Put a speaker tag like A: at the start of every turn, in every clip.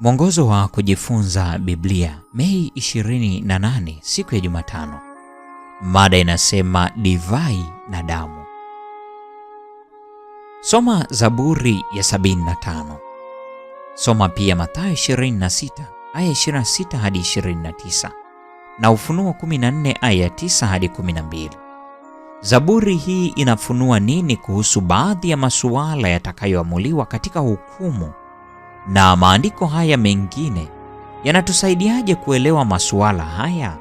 A: Mwongozo wa kujifunza Biblia, Mei 28, siku ya Jumatano. Mada inasema divai na damu. Soma Zaburi ya 75. Soma pia Mathayo 26 aya 26 hadi 29 na Ufunuo 14 aya 9 hadi 12. Zaburi hii inafunua nini kuhusu baadhi ya masuala yatakayoamuliwa katika hukumu na maandiko haya mengine yanatusaidiaje kuelewa masuala haya?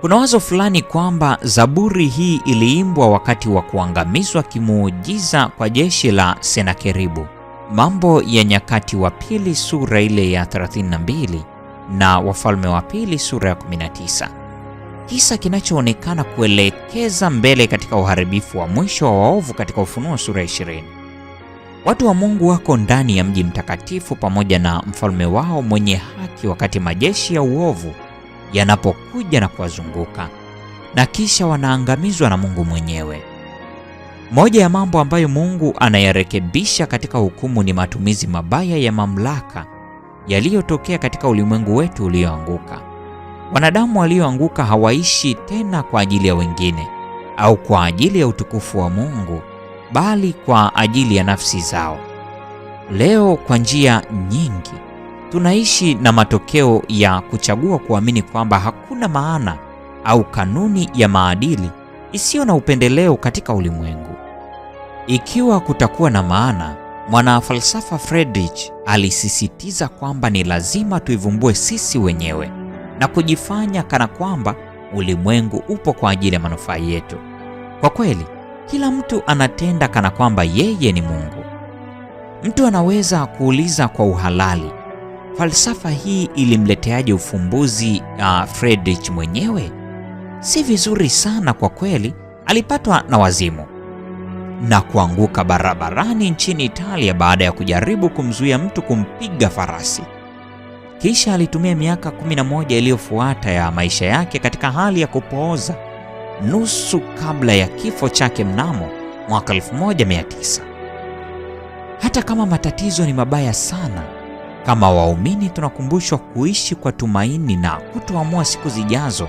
A: Kuna wazo fulani kwamba Zaburi hii iliimbwa wakati wa kuangamizwa kimuujiza kwa jeshi la Senakeribu. Mambo ya Nyakati wa Pili sura ile ya 32 na Wafalme wa Pili sura ya 19. Kisa kinachoonekana kuelekeza mbele katika uharibifu wa mwisho wa waovu katika Ufunuo sura 20. Watu wa Mungu wako ndani ya mji mtakatifu pamoja na mfalme wao mwenye haki, wakati majeshi ya uovu yanapokuja na kuwazunguka na kisha wanaangamizwa na Mungu mwenyewe. Moja ya mambo ambayo Mungu anayarekebisha katika hukumu ni matumizi mabaya ya mamlaka yaliyotokea katika ulimwengu wetu ulioanguka. Wanadamu walioanguka hawaishi tena kwa ajili ya wengine au kwa ajili ya utukufu wa Mungu bali kwa ajili ya nafsi zao. Leo kwa njia nyingi tunaishi na matokeo ya kuchagua kuamini kwamba hakuna maana au kanuni ya maadili isiyo na upendeleo katika ulimwengu. Ikiwa kutakuwa na maana, mwanafalsafa Friedrich alisisitiza kwamba ni lazima tuivumbue sisi wenyewe na kujifanya kana kwamba ulimwengu upo kwa ajili ya manufaa yetu. Kwa kweli, kila mtu anatenda kana kwamba yeye ni Mungu. Mtu anaweza kuuliza kwa uhalali, falsafa hii ilimleteaje ufumbuzi uh, Friedrich mwenyewe? Si vizuri sana kwa kweli, alipatwa na wazimu na kuanguka barabarani nchini Italia baada ya kujaribu kumzuia mtu kumpiga farasi. Kisha alitumia miaka 11 iliyofuata ya maisha yake katika hali ya kupooza nusu kabla ya kifo chake mnamo mwaka 1900. Hata kama matatizo ni mabaya sana, kama waumini tunakumbushwa kuishi kwa tumaini na kutoamua siku zijazo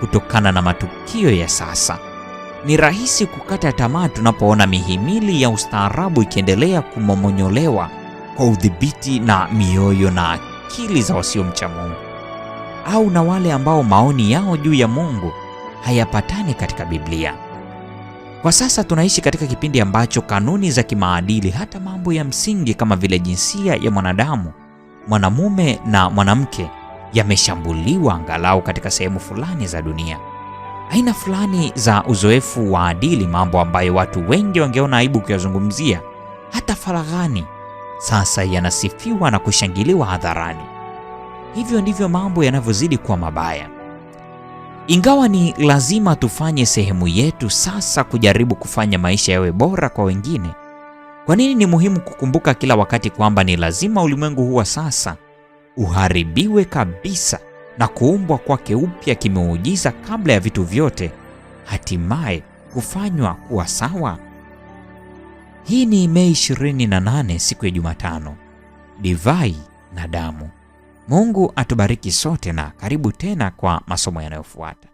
A: kutokana na matukio ya sasa. Ni rahisi kukata tamaa tunapoona mihimili ya ustaarabu ikiendelea kumomonyolewa kwa udhibiti na mioyo na akili za wasiomcha Mungu au na wale ambao maoni yao juu ya Mungu hayapatani katika Biblia. Kwa sasa tunaishi katika kipindi ambacho kanuni za kimaadili, hata mambo ya msingi kama vile jinsia ya mwanadamu, mwanamume na mwanamke, yameshambuliwa angalau katika sehemu fulani za dunia. Aina fulani za uzoefu wa adili, mambo ambayo watu wengi wangeona aibu kuyazungumzia hata faraghani, sasa yanasifiwa na kushangiliwa hadharani. Hivyo ndivyo mambo yanavyozidi kuwa mabaya. Ingawa ni lazima tufanye sehemu yetu sasa kujaribu kufanya maisha yawe bora kwa wengine, kwa nini ni muhimu kukumbuka kila wakati kwamba ni lazima ulimwengu huu wa sasa uharibiwe kabisa na kuumbwa kwake upya kimeujiza kabla ya vitu vyote hatimaye kufanywa kuwa sawa? Hii ni Mei 28 siku ya Jumatano, divai na damu. Mungu atubariki sote na karibu tena kwa masomo yanayofuata.